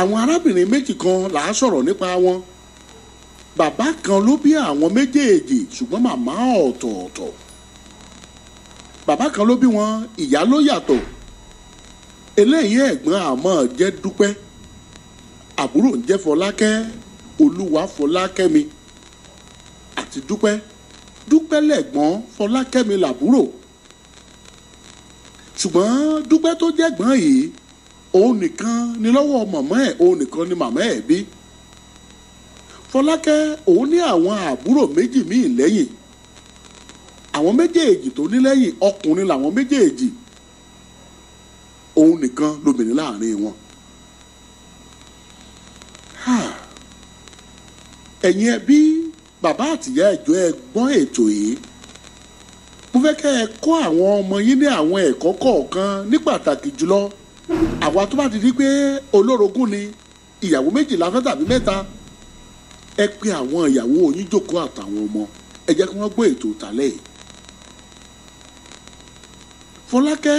àwọn arábìnrin méjì kan là á sọ̀rọ̀ nípa wọn bàbá kan ló bí àwọn méjèèjì ṣùgbọ́n màmá ọ̀tọ̀ọ̀tọ̀ bàbá kan ló bí wọn ìyá ló yàtọ̀ eléyìí ẹ̀gbọ́n àmọ́ jẹ́ dúpẹ́ àbúrò ń jẹ́ fọlákẹ́ olúwa fọlákẹ́mi àti dúpẹ́ dúpẹ́ lẹ̀gbọ́n fọlákẹ́mi làbúrò ṣùgbọ́n dúpẹ́ tó jẹ́gbọ́n yìí òun nìkan ni lọ́wọ́ màmá ẹ̀ òun nìkan ni màmá ẹ̀ bí fọlákẹ́ òun ní àwọn àbúrò méjì míì lẹ́yìn àwọn méjèèjì tó ní lẹ́yìn ọkùnrin làwọn méjèèjì òun nìkan lóbìnrin láàrin wọn ẹ̀yin ẹbí bàbá àtìyá ẹ̀jọ́ ẹ gbọ́ ètò yìí mo fẹ́ kẹ́ ẹ kọ́ àwọn ọmọ yín ní àwọn ẹ̀kọ́ kọ̀ọ̀kan ní pàtàkì jùlọ àwa tó bá ti di pé olórogún ni ìyàwó méjìlá fẹ́ tàbí mẹ́ta ẹ pé àwọn ìyàwó yín jókòó àtàwọn ọmọ ẹ jẹ́ kí wọ́n gbọ́ ètò ìtàlẹ́ yìí. fọlákẹ́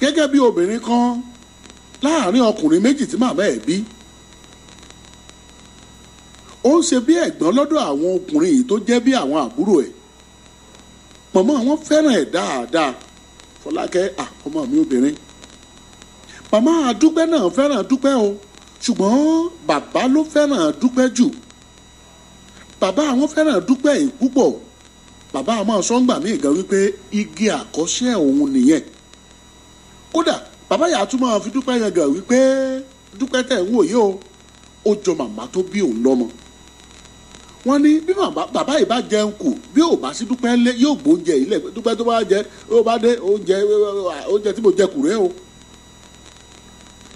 gẹ́gẹ́ bí obìnrin kan láàárín ọkùnrin méjì tí màmá ẹ̀ bí ó ń ṣe bí ẹ̀gbọ́n lọ́dọ̀ àwọn ọkùnrin yìí tó jẹ́ bí àwọn àbúrò ẹ̀ mọ̀mọ́ àwọn fẹ́ràn ẹ̀ dáadáa fọlákẹ́ à ọmọ mi obìnrin màmá àdúpẹ́ náà fẹ́ràn dúpẹ́ o ṣùgbọ́n bàbá ló fẹ́ràn dúpẹ́ jù bàbá àwọn fẹ́ràn dúpẹ́ yìí púpọ̀ bàbá àmọ́ sọ́ngbà mí gan wípé igi àkọ́ṣẹ́ òun nìyẹn kódà bàbá yà á tún máa fi dúpẹ́ yẹn gan wípé dúpẹ́ tẹ̀ ń wòye o ó jọ màmá tó bí òun lọ́mọ wọ́n ní bí bàbá yìí bá jẹun kù bí ò bá sí dúpẹ́ lé yóò gbóúnjẹ yìí lẹ̀ dúpẹ́ tó bá jẹ ó bá dé oúnjẹ oúnjẹ tí mo jẹ kù rẹ o.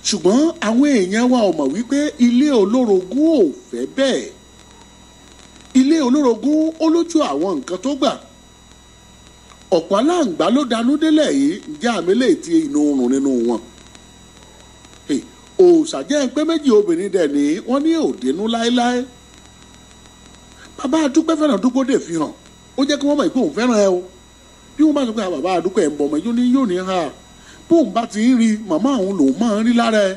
ṣùgbọ́n àwọn èèyàn wa ò mọ̀ wípé ilé olórogún ò fẹ́ bẹ́ẹ̀ ilé olórogún ó lójú àwọn nǹkan tó gbà ọ̀pọ̀ aláǹgbá ló danú délẹ̀ yìí ǹjẹ́ àmì lè ti inú oorun nínú wọn. òòṣà jẹ́ pé méjì obìnrin dẹ̀ ní wọ́n ní òdinú láéláé bàbá àdúpẹ́ fẹ́ràn àdúgbò dè fi hàn ó jẹ́ kí wọ́n mọ̀ pé òun fẹ́ràn ẹ o bí wọ́n bá sọ pé bàbá àdúpẹ́ ẹ̀ ń bọ̀ mẹ́jọ ní yóò ní ha bóun bá ti ń rí màmá òun lòun máa ń rí lára ẹ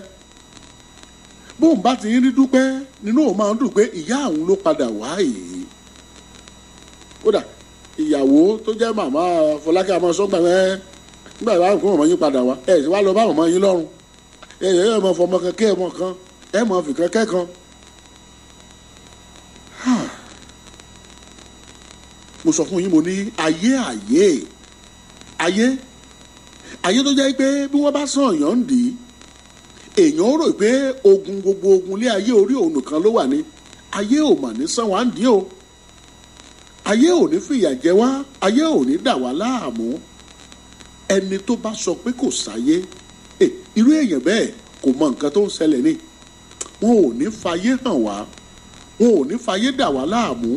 bóun bá ti ń rí dúpẹ́ nínú òun máa ń dùn pé ìyá òun ló padà wá yìí kódà ìyàwó tó jẹ́ màmá Fọlákẹ́ àmọ́ sọ́gbà mẹ́ẹ́ nígbà tí wàá kó màmá yín padà wá ẹ̀ wá lọ bá màmá yín lọ́rùn ẹ̀ ẹ̀ ẹ̀ mọ̀ fọmọ kan kẹ́ ẹ̀ mọ̀ kan ẹ̀ mọ̀ fìkan kẹ́ kan mo sọ fún yín mo ní ayé ayé ayé ayé tó jẹ́ pé bí wọ́n bá sàn yàn ń dì í èèyàn ó rò pé ogun gbogbo ogun lé ayé orí òun nìkan ló wà ní ayé ò mà ní sàn wá ń dì í o ayé ò ní fìyà jẹ wá ayé ò ní dà wá láàmú ẹni tó bá sọ pé kò sáyé irú èèyàn bẹ́ẹ̀ kò mọ nǹkan tó ń ṣẹlẹ̀ ni wọn ò ní fayé hàn wá wọn ò ní fayé dà wá láàmú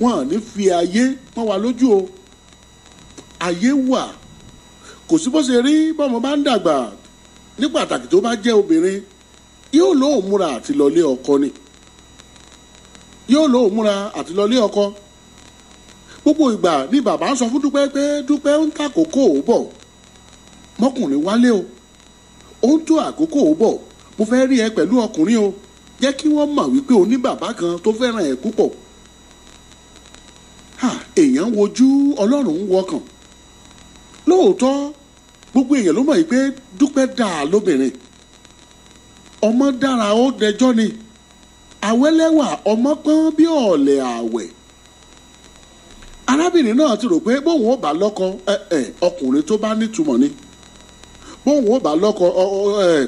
wọn à ní fi ayé pọ́n wa lójú o ayé wà kò sí bó ṣe rí bọ́mọ bá ń dàgbà ní pàtàkì tó bá jẹ́ obìnrin yóò lóò múra àti lọlé ọkọ ni yóò lóò múra àti lọlé ọkọ gbogbo ìgbà ni bàbá ń sọ fún dúpẹ́ pé dúpẹ́ ń ta àkókò ò bọ̀ mọ́kùnrin wálé o ó ń tó àkókò ò bọ̀ mo fẹ́ rí ẹ pẹ̀lú ọkùnrin o jẹ́ kí wọ́n mọ̀ wípé o ní bàbá kan tó fẹ́ràn ẹ púpọ̀ èèyàn ń wojú ọlọ́run ń wọkàn lóòótọ́ gbogbo èèyàn ló mọ̀ yìí pé dúpẹ́ dà lóbìnrin ọmọ dára ó dẹjọ́ ni àwẹ́lẹ́wà ọmọ pọ́n bí ọ̀lẹ̀ àwẹ̀ arábìnrin náà ti rò pé bóun ó bá lọ́kọ ọkùnrin tó bá nítumọ̀ ni bóun ó bá lọ́kọ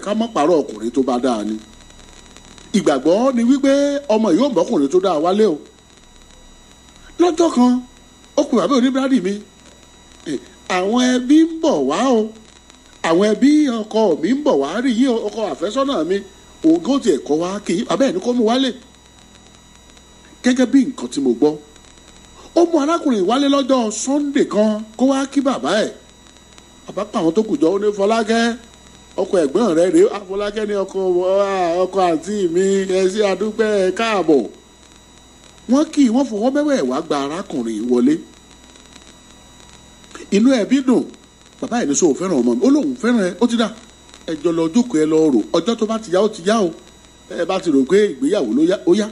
ká mọ́ pàrọ̀ ọkùnrin tó bá dáa ni ìgbàgbọ́ ni wípé ọmọ yóò mọ́kùnrin tó dáa wálé o lọ́jọ́ kan ó kù bàbá oníbírádì mi àwọn ẹbí ń bọ̀ wá o àwọn ẹbí ọkọ mi ń bọ̀ wá ọkọ àfẹ́sọ́nà mi òun kò tiẹ̀ wá kì í abẹ́ ẹni kó mú wálé gẹ́gẹ́ mo gbọ́ ó mú arákùnrin wálé lọ́jọ́ kan kó wá kí bàbá ẹ̀ bàbá pa àwọn tó kù jọ ó ní Fọlákẹ́ ọkọ ẹ̀gbọ́n rèé ah, ní ah, mi ẹ sí adúgbẹ́ káàbọ̀. wọ́n kì í wọ́n fọwọ́ mẹ́wẹ̀ẹ́ wá gba arákùnrin wọlé inú ẹbí dùn bàbá yìí ní sọ òfẹ́ràn ọmọ mi ó lóun fẹ́ràn ẹ ó ti dá ẹjọ́ lọ jókòó ẹ lọ rò ọjọ́ tó bá ti yá ó ti yá o ẹ bá ti rò pé ìgbéyàwó ló yá ó yá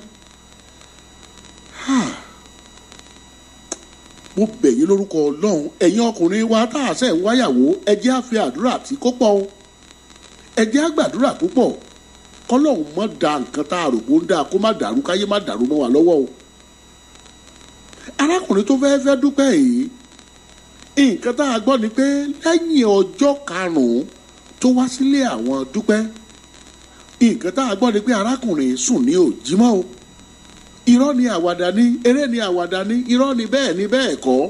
mo bẹ̀ yín lórúkọ ọlọ́run ẹ̀yin ọkùnrin wa tá a ṣẹ̀ ń wáyàwó ẹ jẹ́ á fi àdúrà tí kó pọ̀ o ẹ jẹ́ á gbàdúrà púpọ̀ kọ́lọ́hún mọ́ da nǹkan tá a rò ń dáa kó má dàrú káyé má dàrú mọ́ wa lọ́wọ́ o arákùnrin tó fẹ́ẹ́ fẹ́ dúpẹ́ yìí nǹkan tá a gbọ́ ni pé lẹ́yìn ọjọ́ karùn-ún tó wá sílé àwọn dúpẹ́ nǹkan tá a gbọ́ ni pé arákùnrin sùn ní òjímọ́ o irọ́ ni àwàdà ni eré ni àwàdà ni irọ́ ni bẹ́ẹ̀ ni bẹ́ẹ̀ kọ́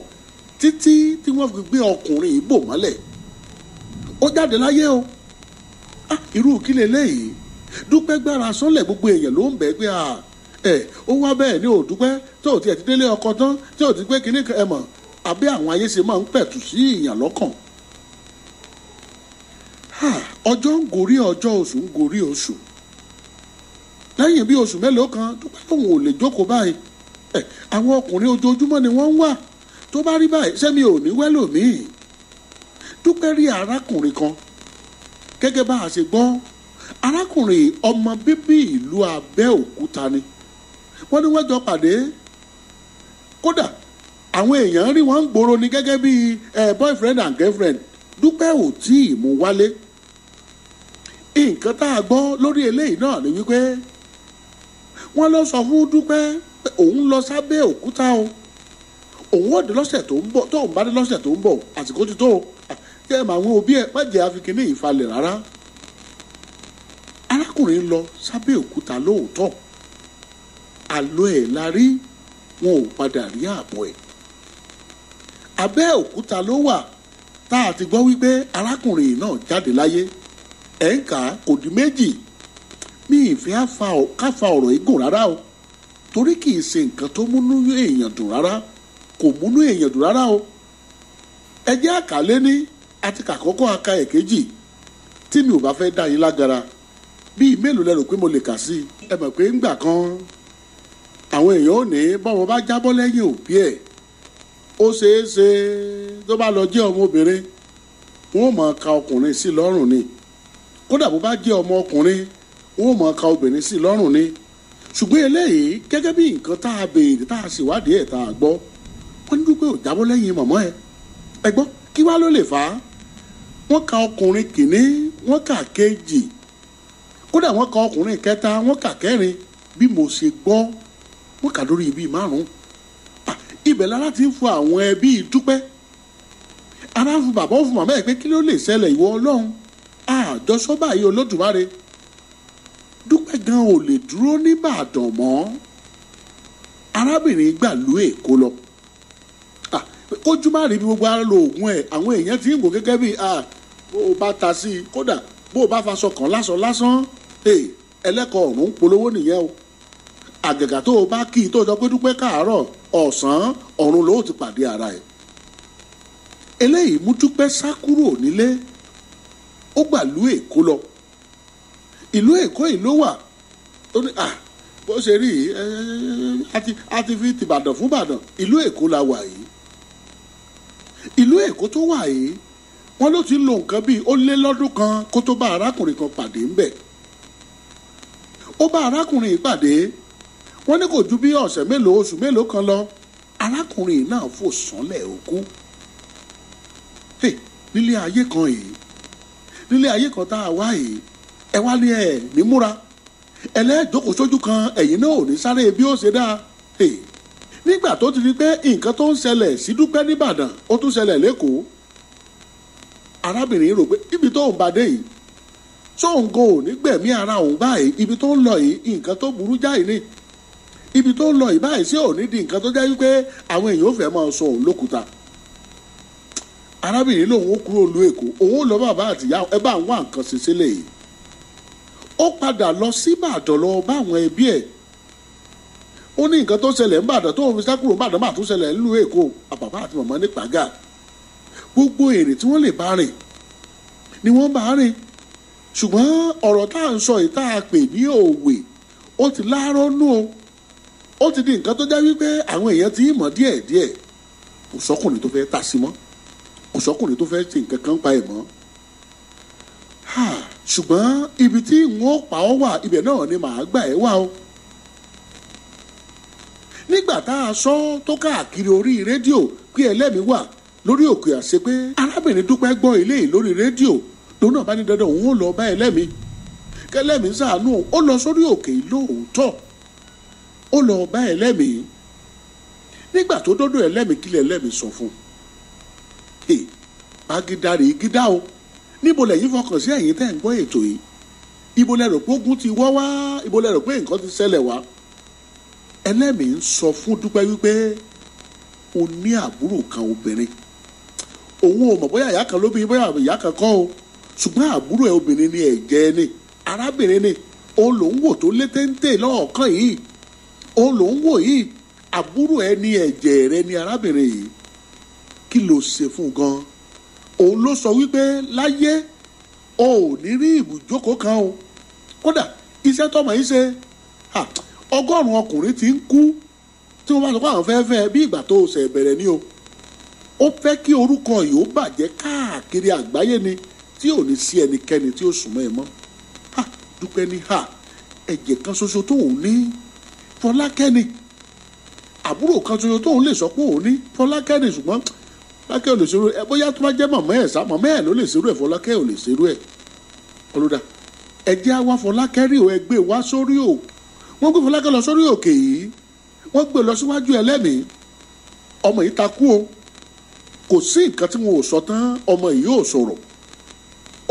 títí tí wọ́n fi gbé ọkùnrin yìí bò mọ́lẹ̀ ó jáde láyé o ah, irú kí lélẹ́yìí dúpẹ́ gbára sọ́lẹ̀ gbogbo èèyàn ló ń bẹ́ẹ̀ pé a. Ah, ẹ eh, ó wá bẹ́ẹ̀ ní òdúpẹ́ tó o tiẹ̀ ti délé ọkọ tán tó o ti gbé kinní kan ẹ mọ̀ àbí àwọn ayé ṣe máa ń pẹ̀tù sí ìyàn lọ́kàn. ọjọ́ ń gorí ọjọ́ oṣù ń gorí oṣù lẹ́yìn bí oṣù mélòó kan tó bá lóun ò lè jókòó báyìí eh, àwọn ọkùnrin ojoojúmọ́ ni wọ́n ń wà tó bá rí báyìí sẹ́mi ò ní wẹ́lòmíì dúpẹ́ rí arákùnrin kan gẹ́gẹ́ bá a ṣe gbọ́ arákùnrin ọmọ bíbí ìlú Abẹ́òkúta ni wọ́n ní wọ́n jọ pàdé kódà àwọn èèyàn rí wọn ń gbòòrò ni gẹ́gẹ́ bí eh, boyfriend and girlfriend dúpẹ́ ò tí ì mú wálé nǹkan tá a gbọ́ lórí eléyìí náà ni wípé wọ́n lọ sọ fún dúpẹ́ pé òun lọ sábẹ́ òkúta o òun òde lọ́sẹ̀ tó ń bọ̀ tóun bá dé lọ́sẹ̀ tó ń bọ̀ àsìkò ti tó jẹ́ ẹ̀ máa wọ́n òbí ẹ̀ má jẹ́ àfikín ní ìfalẹ̀ rárá arákùnrin lọ sábẹ́ òkúta lóòótọ́ àlọ ẹ̀ la rí wọn ò padà rí àbọ̀ ẹ̀ abẹ́ òkúta ló wà tá a ti gbọ́ wípé arákùnrin náà jáde láyé ẹ̀ ń kà á kò di méjì mi ìfẹ́ káfa ọ̀rọ̀ igun rárá o torí kì í ṣe nǹkan tó múnú èèyàn dùn rárá kò múnú èèyàn dùn rárá o ẹ jẹ́ àkàlẹ́ ní àti kàkọ́kọ́ aka èkejì tí mi ò bá fẹ́ dá yín lágara bíi mélòó lẹ pé mo lè kà sí i ẹ mọ̀ pé ńgbà kan. àwọn èèyàn ò ní bọ́mọ bá jábọ́ lẹ́yìn òbí ẹ̀ ó ṣeé ṣe tó bá lọ jẹ́ ọmọbìnrin wọn ò mọ̀ ka ọkùnrin sí lọ́rùn ni kódà bó bá jẹ́ ọmọ ọkùnrin wọn ò mọ̀ ka obìnrin sí lọ́rùn ni ṣùgbọ́n eléyìí gẹ́gẹ́ bí nǹkan tá a béèrè tá a ṣèwádìí ẹ̀ tá a gbọ́ wọ́n ní dúpẹ́ ò jábọ́ lẹ́yìn mọ̀mọ́ ẹ̀ ẹ gbọ́ kí wá ló lè fà á wọ́n ka ọkùnrin kìíní wọ́n kà kejì kódà wọ́n ka ọkùnrin kẹta wọ́n kà kẹrin bí mo ṣe gbọ́ wọ́n kà lórí ibi márùn-ún ah, ibẹ̀ lára ti ń fún àwọn ẹbí dúpẹ́ ara ń fún bàbá ó fún màmá ẹ̀ pé kí ló lè ṣẹlẹ̀ ìwọ ọlọ́run àjọṣọ́ ah, báyìí olódùmarè dúpẹ́ gan ò lè dúró níbàdàn mọ́ arábìnrin gbàlú èkó lọ ah, kójú má rí bí gbogbo ara lo oògùn ẹ̀ àwọn èèyàn ti ń wò gẹ́gẹ́ bí bó o bá ta sí i kódà bó o bá faṣọ kàn lásán lásán eh, ẹlẹ́kọ̀ọ́ ọ̀run polówó nìyẹn o àgàgà tó o bá kí i tó o sọ pé dúpẹ́ káàárọ̀ ọ̀sán ọ̀run ló ti pàdé ara ẹ̀ eléyìí mú dúpẹ́ sá kúrò nílé ó gbàlú èkó lọ ìlú èkó yìí ló wà ó ní à bó ṣe rí a ti fi tìbàdàn fún ìbàdàn ìlú èkó la wà yìí ìlú èkó tó wà yìí wọn ló ti lo nǹkan bíi ó lé lọ́dún kan kó tó bá arákùnrin kan pàdé ńbẹ̀ ó bá arákùnrin yìí pàdé wọ́n ní kò ju bí ọ̀sẹ̀ mélòó oṣù mélòó kan lọ arákùnrin náà fò sánlẹ̀ òkú nílé ayé kan yìí nílé ayé kan tá a wá yìí ẹ wá ní ẹ ní múra ẹlẹ́ẹ̀dókòó sójú kan ẹ̀yìn náà ò ní sáré bí ó ṣe dáa nígbà tó ti di pé nǹkan tó ń ṣẹlẹ̀ sí Dúpẹ́ nìbàdàn ó tún ṣẹlẹ̀ lẹ́kọ̀ọ́ arábìnrin rò pé ibi tó ń badé yìí sóhun kò ní gbẹ̀mí ara òun báyìí ibi tó ń lọ yìí nǹkan tó burú jáì ni ibi tó ń lọ ìbáyìí sí òní di nǹkan tó jẹ́ wípé àwọn èèyàn ò fẹ́ máa sọ òun lókùúta arábìnrin lòun ó kúrò lu èkó òun ó lọ bàbá àtìyá ẹ bá ń wá nǹkan ṣe sílẹ̀ yìí ó padà lọ síbàdàn lọ bá àwọn ẹbí ẹ̀ ó ní nǹkan tó ṣẹlẹ̀ ń bàdàn tó ń fi sákúrò bàdàn bá tó ṣẹlẹ̀ nílùú èkó àbàbá àti màmá ní pàgà gbogbo èrè tí wọ́n lè bá rìn ni wọ́n bá rìn ṣùgbọ́n ọ̀rọ̀ tá à ń sọ yìí tá ní òwe ó ti láárọ́ nù o ó ti di nǹkan tó jẹ́ wípé àwọn èèyàn ti mọ̀ díẹ̀ díẹ̀ kò sọ́kùnrin tó fẹ́ tà sí mọ́ kò sọ́kùnrin tó fẹ́ ṣe nǹkan kan pa ẹ̀ mọ́ ṣùgbọ́n ibi tí n ó pa ọ́ wà ibẹ̀ náà ni màá gbà ẹ́ wà o nígbà tá a sọ tó káàkiri orí rédíò pé ẹlẹ́mìí wà lórí òkè àṣẹ pé arábìnrin dúpẹ́ gbọ́ ilé yìí lórí rédíò lòun náà bá ní dandan òun ó lọ bá ẹlẹ́mìí kẹlẹ́mìí ṣàánú ó lọ sórí òkè yìí lóòótọ́ ó lọ bá ẹlẹ́mìí nígbà tó dọ́dọ̀ ẹlẹ́mìí kílẹ̀ ẹlẹ́mìí sọ fún un pàgídàrí gídá o níbo lẹ̀yin fọkàn sí ẹ̀yin tẹ́ ń gbọ́ ètò yìí ibo lẹ rò pé ogun ti wọ́ wá ibo lẹ rò pé nǹkan ti ṣẹlẹ̀ wá ẹlẹ́mìí ń sọ fún dúpẹ́ wípé o ní àbúrò kan obìnrin òun ò mọ̀ bóyá ìyá kan ló bóyá ìyá kan kọ́ o ṣùgbọ́n àbúrò ẹ obìnrin ni ẹ̀jẹ̀ ni arábìnrin ni òun lòún wò tó lé téńté lọ́ọ̀kan yìí ó ló ń wò yìí àbúrò ẹ ní ẹ̀jẹ̀ rẹ ní arábìnrin yìí kí ló ṣe fún gan òun ló sọ wípé láyé o ò ní rí ibùjókòó kan o kódà iṣẹ́ tọmọ yìí ṣe ọgọ́rùn-ún ọkùnrin ti ń kú tí wọ́n bá sọ pé àwọn fẹ́ fẹ́ bí ìgbà tó ṣe bẹ̀rẹ̀ ni o ó fẹ́ kí orúkọ yìí ó bàjẹ́ káàkiri àgbáyé ni tí ò ní sí ẹnikẹ́ni tí ó súnmọ́ ẹ mọ́ dúpẹ́ ní ẹ̀jẹ̀ kan ṣoṣo tó ò ní fọlákẹ́ ni àbúrò kan tuntun tóun lè sọ pé òun ní fọlákẹ́ ni ṣùgbọ́n fọlákẹ́ ò lè ṣerú ẹ bóyá tó bá jẹ́ màmá ẹ̀ sá màmá ẹ̀ ló lè ṣerú ẹ̀ fọlákẹ́ ò lè ṣerú ẹ̀ olùdá ẹ̀jẹ̀ àwa fọlákẹ́ rí o ẹ gbé e wá sórí o wọ́n gbé fọlákẹ́ lọ sórí òkè yìí wọ́n gbé e lọ síwájú ẹlẹ́mìí ọmọ yìí takú o kò sí nǹkan tí wọn ò sọ tán ọmọ yìí yóò sọ̀rọ̀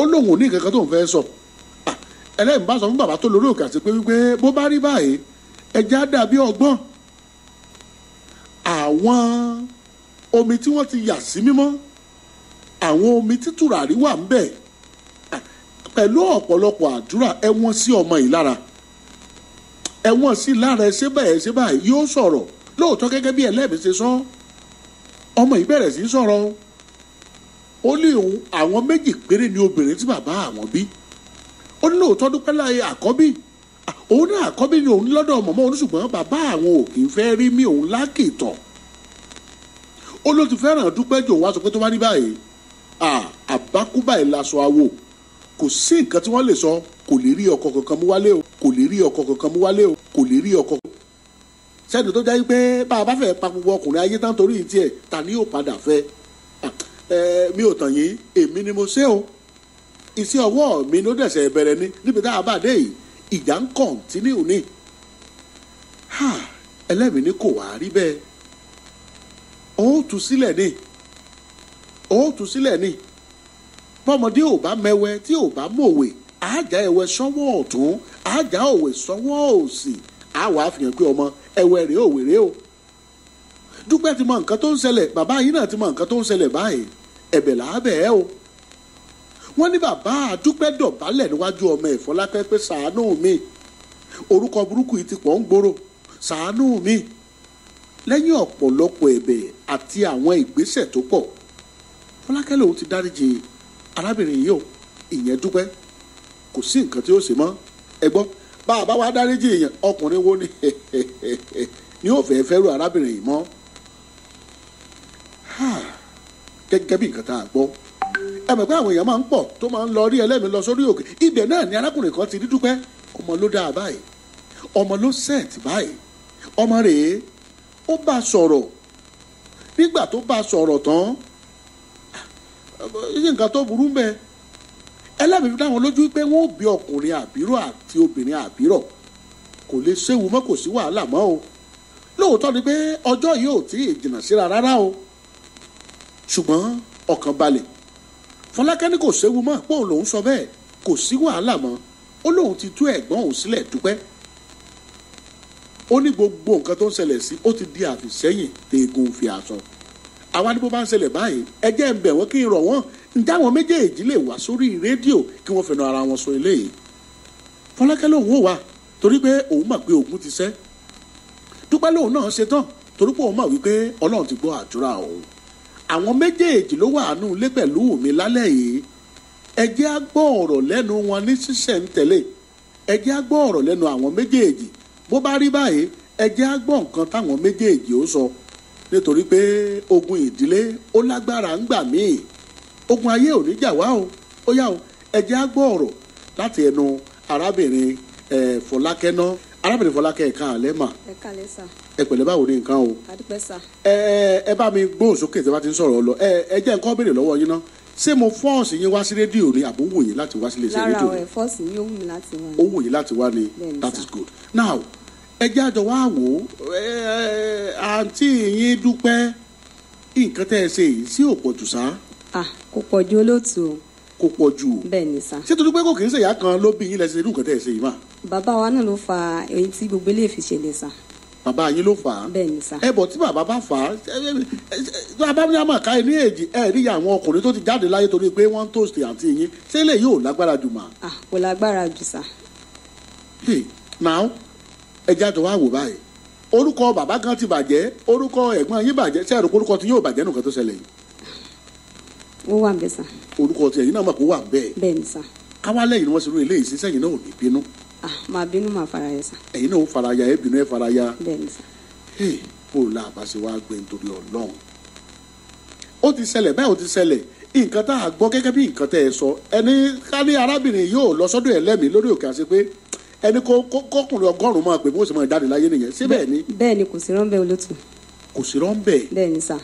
ó lóun ò ní nǹkan kan tó ń fẹ́ sọ ẹlẹ́mìí bá sọ fún bàbá tó lórí òkè àti pé wípé bó bá rí báyìí ẹja dàbí ọgbọ́n àwọn omi tí wọ́n ti yà sí mímọ́ àwọn omi tí tùràrí wà ń bẹ̀ pẹ̀lú ọ̀pọ̀lọpọ̀ àdúrà ẹ wọ́n sí ọmọ yìí lára ẹ wọ́n sí lára ẹ ṣe báyìí ẹ ṣe báyìí yóò sọ̀rọ̀ lóòótọ́ gẹ́gẹ́ bí ẹlẹ́bi ṣe sọ ọmọ yìí bẹ̀rẹ̀ sí sọ̀rọ̀ ó lé àwọn méjì péré ni obìnrin tí bàbá àwọn bí ó ní lóòótọ́ dúpẹ́ láyé àkọ́bí òun náà àkọ́bí ni òun lọ́dọ̀ mọ̀mọ́ òun ṣùgbọ́n bàbá àwọn ò kì í fẹ́ rí mi òun lákìtọ̀ ó ló ti fẹ́ràn dúpẹ́ jò wá sọ pé tó bá rí báyìí àbákúbà ìlasọ awo kò sí nǹkan tí wọ́n lè sọ kò lè rí ọkọ kankan mú wálé o kò lè rí ọkọ kankan mú wálé o kò lè rí ọkọ. sẹ́ni tó jáde pé bá a bá fẹ́ pa gbogbo ọkùnrin ayé tán torí tiẹ̀ ta ni yóò padà fẹ́ mi ò tàn yín èmi ni mo ṣe o iṣẹ́ ọwọ́ mi ló dẹ̀sẹ̀ bẹ̀rẹ̀ ni níbi tá a bá dé yìí ìjà ń kọ̀ǹtínú ni ẹlẹ́mìí ni kò wá rí bẹ́ẹ̀ ó tú sílẹ̀ ni ó tú sílẹ̀ ni bọ́mọdé ò bá mẹwẹ tí ò bá mọ̀wé àájà ẹ̀wẹ̀ sọ́wọ́ ọ̀tún àájà òwe sọ́wọ́ òsì àwa àfihàn pé ọmọ ẹ̀wẹ̀ rèé òwe rèé o dúpẹ́ ti mọ nǹkan tó ń ṣẹlẹ̀ bàbá yìí náà ti mọ nǹkan tó ń ṣẹlẹ̀ báyìí ẹ̀bẹ̀ làá bẹ̀ ẹ́ o wọ́n ní bàbá àdúpẹ́ dọ̀bálẹ̀ níwájú ọmọ ìfọlákẹ́ pé ṣàánú mi orúkọ burúkú yìí ti pọ̀ ń gbòòrò ṣàánú mi lẹ́yìn ọ̀pọ̀lọpọ̀ ẹ̀bẹ̀ àti àwọn ìgbésẹ̀ tó pọ̀ fọlákẹ́ lòun ti dáríjì arábìnrin yìí o ìyẹn dúpẹ́ kò sí nǹkan tí ó ṣe mọ́ ẹ gbọ́ bá a bá wá dáríjì èèyàn ọkùnrin wo ni ni ó fẹ́ fẹ́rù arábìnrin yìí mọ́ gẹ́gẹ́ bí nǹkan tá a gbọ́ ẹ mọ̀ pé àwọn èèyàn máa ń pọ̀ tó máa ń lọ rí ẹlẹ́mìí lọ sórí òkè ibẹ̀ náà ni arákùnrin kan ti rí dúpẹ́ ọmọ ló dáa báyìí ọmọ ló sẹ̀ǹtì báyìí ọmọ rèé ó bá sọ̀rọ̀ nígbà tó bá sọ̀rọ̀ tán ṣé nǹkan tó burú ń bẹ ẹlẹ́mìí dáwọn lójú pé wọ́n ò bí ọkùnrin àbírọ̀ àti obìnrin àbírọ̀ kò lè séwu mọ́ kò sí wàhálà mọ́ o lóòótọ́ ni pé ọjọ́ yìí ò tí ì jìnnà síra rárá o ṣùgbọ́n ọkàn balẹ̀ fọlákẹ́ kò séwu mọ́ póun lòún sọ bẹ́ẹ̀ kò sí wàhálà mọ́ ó lóun ti tú ẹ̀gbọ́n òun sílẹ̀ dúpẹ́ ó ní gbogbo nǹkan tó ń ṣẹlẹ̀ sí ó ti di àfìsẹ́yìn tẹ̀gùn fi àṣọ àwa ni bá ń ṣẹlẹ̀ báyìí ẹ ń bẹ̀ wọ́n kí n rọ̀ wọ́n ǹjẹ́ àwọn méjèèjì lè wá sórí rédíò kí wọ́n fẹnu ara wọn sọ eléyìí fọlákẹ́ lòun ò wá torí pé òun mọ̀ pé ogun ti ṣẹ́ dúpẹ́ lòun náà ṣetán torí pé òun mọ̀ wípé ọlọ́run ti gbọ́ àdúrà òun àwọn méjèèjì ló wà nù lé pẹ̀lú mi lálẹ́ yìí ẹ jẹ́ á gbọ́ ọ̀rọ̀ lẹ́nu wọn ní sísẹ̀ntẹ̀lé ẹ á gbọ́ ọ̀rọ̀ lẹ́nu àwọn méjèèjì bó bá rí báyìí ẹ á gbọ́ ogun ìdílé ó lágbára ń gbà ogun ayé ò ní jà wá o ó yá o arábìnrin fọlákẹ́ ẹ̀ka àlẹ́ mà ẹ pẹ̀lẹ́ báwo ni nǹkan o ẹ bá mi gbóhùn sókè tí wọ́n ti ń sọ̀rọ̀ lọ ẹ jẹ́ nǹkan béèrè lọ́wọ́ yín náà ṣé mo fọ́ọ̀sì yín wá sí rédíò ni àbò wò yín láti wá sí iléeṣẹ́ rédíò ni lára ẹ̀ fọ́ọ̀sì yín ó wù mí láti wá ni ó wù yín láti wá ni that is good now ẹ jẹ́ àjọ wá wò ó àǹtí yín dúpẹ́ nǹkan tẹ́ ẹ ṣe yìí sí òpò tù sá. kò pọ̀ ju olóòtú o. kò pọ̀ ju. bẹ́ẹ̀ ni sá. ṣé torí pé kò kì í ṣèyá kan ló bí yín lẹ́sẹ̀ irú nǹkan tẹ́ ẹ ṣe yìí mà bàbá wa náà ló fa èyí tí gbogbo ilé fi ṣẹlẹ̀ sàn. bàbá yín ló fà á. ni sà. ẹ bọ̀ tí bàbá bá fà á abámiyàmọ̀ ká ẹ ní èjì ẹ rí àwọn ọkùnrin tó ti jáde láyé torí pé wọ́n ń tòṣì àǹtí yín ṣé lè yóò lágbára jù mà. Ah, kò lágbára jù sà. now ẹ jáde wá wò báyìí orúkọ bàbá kan ti bàjẹ́ orúkọ ẹ̀gbọ́n yín bàjẹ́ ṣé ẹ̀rọ orúkọ tí yóò bàjẹ́ nǹkan tó ṣẹlẹ̀ yìí. ó wà bẹ́ẹ̀ sà. orúkọ tí ẹ̀yin náà mọ̀ pé wà bẹ́ẹ̀. bẹ́ẹ̀ ni sà. káwálẹ̀ yìí ni wọ́n ṣe rú eléyìí sí sẹ́yìn náà ò ní bínú. Ah, màá bínú màá faraya sà. ẹ̀yin náà faraya ẹ bínú ẹ faraya. bẹ́ẹ̀ni sà. ee bó o la àbá ṣe wá gbé nítorí Ọlọ́run ó ti ṣẹlẹ̀ báyìí ó ti ṣẹlẹ̀ nǹkan tá a gbọ́ gẹ́gẹ́ bí nǹkan tẹ́ ẹ sọ ẹni ká ní arábìnrin yóò lọ sọ́dọ̀ ẹ̀ lẹ́mìí lórí òkè àṣepé ẹni kọkùnrin ọgọ́rùn-ún máa pè mọ́ òsì máa jáde láyé nìyẹn síbẹ̀ ni. bẹ́ẹ̀ kò sí rọ́ńbẹ́ olótù. kò sí rọ́ńbẹ́. bẹ́ẹ̀ ni sà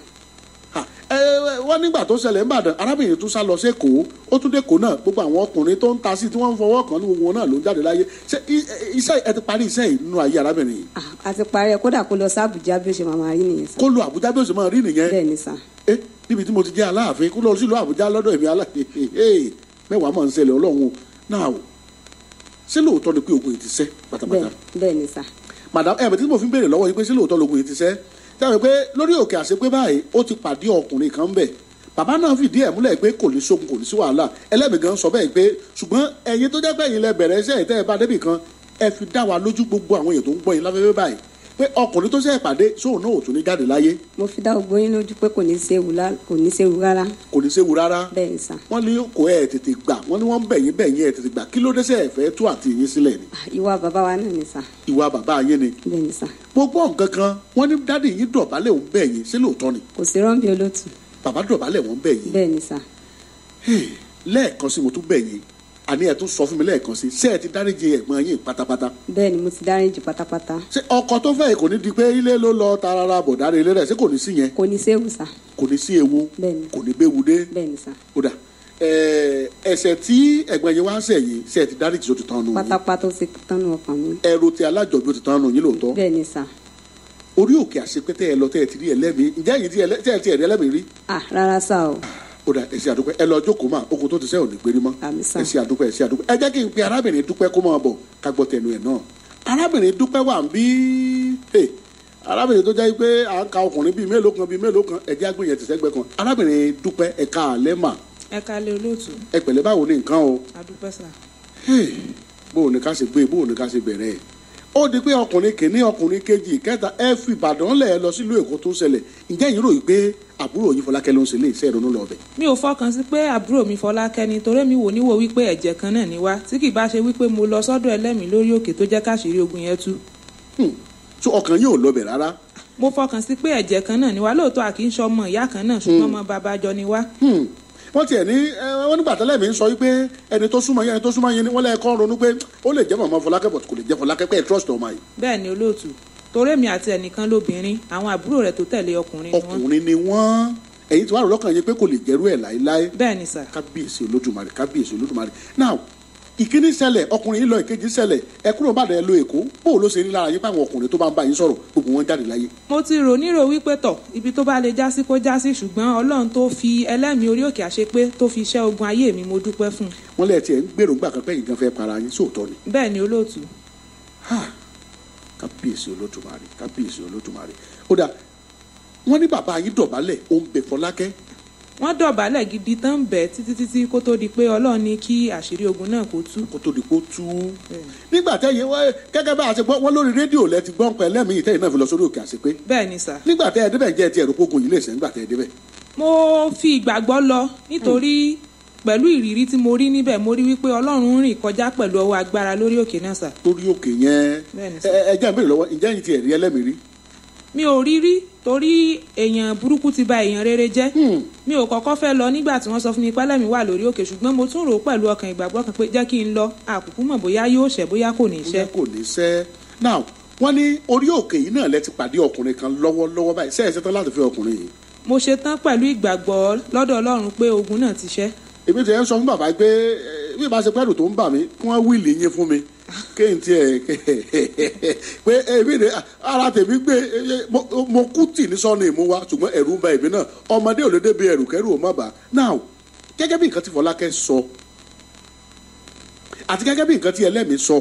wọ́n nígbà tó ṣẹlẹ̀ ń bàdàn arábìnrin tún sá lọ sékòó ó tún dékòó náà gbogbo àwọn ọkùnrin tó ń ta sí tí wọ́n ń fọwọ́ kan ní gbogbo náà ló ń jáde láyé ṣé iṣẹ́ ẹ ti parí iṣẹ́ yìí nínú ayé arábìnrin a ti parí ẹ kódà kó lọ sí Àbújá bí ó ṣe máa rí nìyẹn sá. kó lọ Àbújá bí ó ṣe máa rí nìyẹn. bẹ́ẹ̀ ni sá. ẹ níbi tí mo ti jẹ́ aláàfin kó lọ sílùú Àbújá lọ́dọ̀ èmi aláàfin madam ẹ̀ bẹ̀ tí mo fi ń béèrè lọ́wọ́ yìí pé ṣé sáré pé lórí òkè àṣepé báyìí ó ti pàdé ọkùnrin kan bẹ̀ bàbá náà fìdí ẹ̀ múlẹ̀ pé kò ní sógun kò ní sí wàhálà ẹlẹ́mìí gan sọ bẹ́ẹ̀ pé ṣùgbọ́n ẹ̀yin tó jẹ́ pé ẹ̀yin lẹ bẹ̀rẹ̀ iṣẹ́ ìtẹ́ ẹ bá débì kan ẹ fi dá wa lójú gbogbo àwọn èèyàn tó ń gbọ́ yín láfẹ́fẹ́ báyìí pé ọkùnrin tó ṣe ìpàdé sóun náà ò tún ní jáde láyé. mo fi dá ògbó yín lójú pé kò ní séwu kò ní séwu rárá. kò ní séwu rárá. bẹ́ẹ̀ sà. wọ́n ní kò ẹ̀ tètè gbà wọ́n ní wọ́n bẹ̀yìn bẹ̀yìn ẹ̀ tètè gbà kí ló dé sẹ́ fẹ́ tú àti yín sílẹ̀ ni. Ah, ìwà bàbá wa náà ni sà. ìwà bàbá yé ni. bẹ́ẹ̀ ni sà. gbogbo nǹkan kan wọ́n ní dádì yín dọ̀bálẹ̀ òun bẹ̀yìn sí lóòótọ́ ni. kò sí rọ́ǹbì olóòtú. bàbá dọ̀bálẹ̀ wọ́n bẹ̀yìn. bẹ́ẹ̀ ni sà. lẹ́ẹ̀kan sí mo tún bẹ̀yìn àní ẹ tún sọ fún mi lẹ́ẹ̀kan sí ṣé ẹ ti dáríjì ẹ̀gbọ́n yín pátápátá. bẹ́ẹ̀ni mo ti dáríjì pátápátá. ṣé ọkọ tó fẹ́ kò ní di pé ilé ló lọ tarara bọ̀dáre ilé rẹ̀ ṣé kò ní sí yẹn. kò ní sí ewu sa. kò ní sí ewu. bẹ́ẹ̀ni kò ní gbéwu dé. bẹ́ẹ̀ni sa. ó dà ẹ̀ṣẹ̀ tí ẹ̀gbọ́n yín wá ń ṣẹ̀ yìí ṣe ti dáríjì tó ti tán nù. pátápátá ó ti tán nù ọkàn mi. ẹrù ti alájọbí ó ti tán nù yín lóòótọ́. bẹ́ẹ̀ni sa orí òkè àṣepẹ́tẹ́ ẹ lọ tẹ́ ẹ ti rí ẹlẹ́mìí ǹjẹ́ yìí tẹ́ ẹ ti rí ẹlẹ́mìí rí. ah rárá sá o ó dà ẹ ṣé àdúpẹ́ ẹ lọ jókòó mà okùn tó ti sẹ́ ò ní gbérí mọ́ ẹ ṣé àdúpẹ́ ẹ ṣé àdúpẹ́ ẹ jẹ́ kí n pe arábìnrin dúpẹ́ kó máa bọ̀ ká gbọ́ tẹnu ẹ̀ náà arábìnrin dúpẹ́ wà ń bí arábìnrin tó jẹ́ pé à ń ka ọkùnrin bíi mélòó kan bíi mélòó kan ẹ̀jẹ̀ agbóyè ti sẹ́gbẹ́ kan arábìnrin dúpẹ́ ẹ káalẹ́ mà. ẹ káalẹ́ olóòtú. ẹ pẹ̀lẹ́ báwo ni nǹkan o. a sà. bóun ni ká ṣe gbé bóun ni ká ṣe bẹ̀rẹ̀ ẹ̀ ó di pé ọkùnrin kìíní ọkùnrin kejì kẹta ẹ fi ìbàdàn lẹ̀ lọ sílùú èkó tó ṣẹlẹ̀ ǹjẹ́ yìí ròyìn pé àbúrò yìí fọlákẹ́ ló ń ṣe lè ìrònú lọ mi ò fọkàn sí pé àbúrò mi fọlákẹ́ ni torí mi wò níwò wípé ẹ̀jẹ̀ kan náà ni wá tí kì bá ṣe wípé mo lọ sọ́dọ̀ ẹlẹ́mìí lórí òkè tó jẹ́ káṣírí ogun yẹn tú. Hmm. so ọkàn yóò lọ bẹ̀ rárá. mo fọkàn sí pé ẹ̀jẹ̀ kan náà ni wá lóòótọ́ àkínṣọmọ wọ́n tiẹ̀ ní wọ́n nígbà tẹ́lẹ̀ mi ń sọ yí pé ẹni tó súnmọ́ yẹn ẹni tó súnmọ́ yẹn ni wọ́n lẹ́ kọ́ ronú pé ó lè jẹ́ màmá Fọlákẹ́ but kò lè jẹ́ Fọlákẹ́ pé trust ọmọ yìí. bẹ́ẹ̀ ni olóòtú torí èmi àti ẹnìkan lóbìnrin àwọn àbúrò rẹ̀ tó tẹ̀lé ọkùnrin ni wọ́n. ọkùnrin ni wọ́n ẹ̀yin tí wàá rò lọ́kàn yín pé kò lè jẹ́rú ẹ̀ láéláé. bẹ́ẹ̀ ni sà. kábíyèsí olódùmarè kábíyèsí olódùmarè now ìkíní ṣẹlẹ̀ ọkùnrin yìí lọ ìkejì ṣẹlẹ̀ ẹ kúrò bàdà ẹ lọ èkó bó o ló ṣe rí lára yín fáwọn ọkùnrin tó bá ń bá yín sọ̀rọ̀ gbogbo wọn jáde láyé. mo ti rò nírò wípé tọ̀ ibi tó bá lè já sí kó já sí ṣùgbọ́n ọlọ́run tó fi ẹlẹ́mìí orí òkè àṣepé tó fi iṣẹ́ ogun ayé mi mo dúpẹ́ fún. wọ́n lẹ́ẹ̀ tiẹ̀ ń gbèrò kan pẹ́yìn gan fẹ́ para yín sóòótọ́ ni. bẹ́ẹ̀ ni olóòtú. kábíyèsí olódùmarè kábíyèsí olódùmarè wọ́n dọ̀bálẹ̀ gidi tán ń bẹ̀ títí títí kó tó di pé ọlọ́run ní kí àṣírí ogun náà kó tú. kó tó di kó tú. nígbà tẹ́yẹ gẹ́gẹ́ bá a ṣe gbọ́ wọ́n lórí rédíò lẹ ti gbọ́ ń pẹ́ lẹ́mìí tẹ́yìn náà fi lọ sórí òkè àṣepé. bẹ́ẹ̀ ni sà. nígbà tẹ́yẹ débẹ̀ jẹ́ ti ẹ̀rọ kókun yìí lè ṣe nígbà tẹ́yẹ débẹ̀. mo fi ìgbàgbọ́ lọ nítorí pẹ̀lú ìrírí tí mo rí níbẹ̀ mo rí wípé ọlọ́run ń rìn kọjá pẹ̀lú ọwọ́ agbára lórí òkè náà sà. lórí òkè yẹn ẹ ẹ jẹ́ ń lọ́wọ́ ǹjẹ́ yìí ti ẹ̀rí ẹlẹ́mìí rí mi ò rí rí torí èèyàn burúkú ti ba èèyàn rere jẹ́ hmm. mi ò kọ́kọ́ fẹ́ lọ nígbà tí wọ́n sọ fún mi pálẹ̀ mi wà lórí òkè ṣùgbọ́n mo tún rò ó pẹ̀lú ọkàn ìgbàgbọ́ kan pé jẹ́ kí n lọ àkùkù mọ̀ bóyá yóò ṣẹ́ bóyá kò ní ṣẹ́. kò ní ṣẹ́ now wọ́n ní orí òkè yìí náà lẹ ti pàdé ọkùnrin kan lọ́wọ́lọ́wọ́ báyìí ṣe é ṣetán láti fẹ́ ọkùnrin yìí. mo ṣetán pẹ̀lú ìgbàgbọ́ lọ́dọ̀ Ọlọ́run pé ogun náà ti ṣẹ́. èmi ti ẹ sọ fún bàbá pé bí ìbá ṣe tó ń bà mí kí wọ́n wíìlì yín fún mi kéǹtì ẹ̀ pé èmi rè ara tèmi gbé mo kú tì ní sọ́ọ̀nì ìmú wa ṣùgbọ́n ẹ̀rù ń ba èmi náà ọmọdé ò lè débi ẹ̀rù kẹ́rù ò má bà á now gẹ́gẹ́ bí nǹkan tí Fọlákẹ́ sọ àti gẹ́gẹ́ bí nǹkan tí ẹlẹ́mìí sọ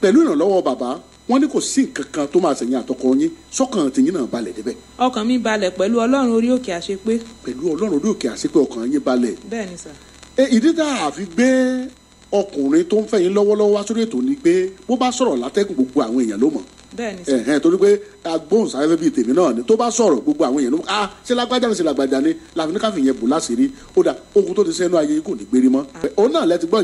pẹ̀lú ìrànlọ́wọ́ bàbá wọ́n ní kò sí nǹkan kan tó máa ṣẹ̀yìn àtọkọ yín sọ́kàn tìyín náà balẹ̀ débẹ̀. ọkàn mi balẹ̀ pẹ̀lú ọlọ́run orí òkè àṣepé. pẹ̀lú ọlọ́run orí òkè àṣepé ọkàn yín balẹ̀. bẹ́ẹ̀ ni sà. ìdí tá a fi gbé ọkùnrin tó ń fẹ́ yín lọ́wọ́lọ́wọ́ wá sórí ètò ni pé bó bá sọ̀rọ̀ látẹ́gùn gbogbo àwọn èèyàn ló mọ̀ ẹ̀hẹ́n torí pé agbóhùnsáfẹ́fẹ́ bíi tèmi náà ni tó bá sọ̀rọ̀ gbogbo àwọn èèyàn ló mọ̀ ah ṣé lágbájá ni ṣe lágbájá ni làfiníkàfìyẹn bù láṣìírí ó dà ohun tó ti sẹ́nu ayé kò ní gbérí mọ́ ah. òun náà lẹ ti gbọ́ yẹn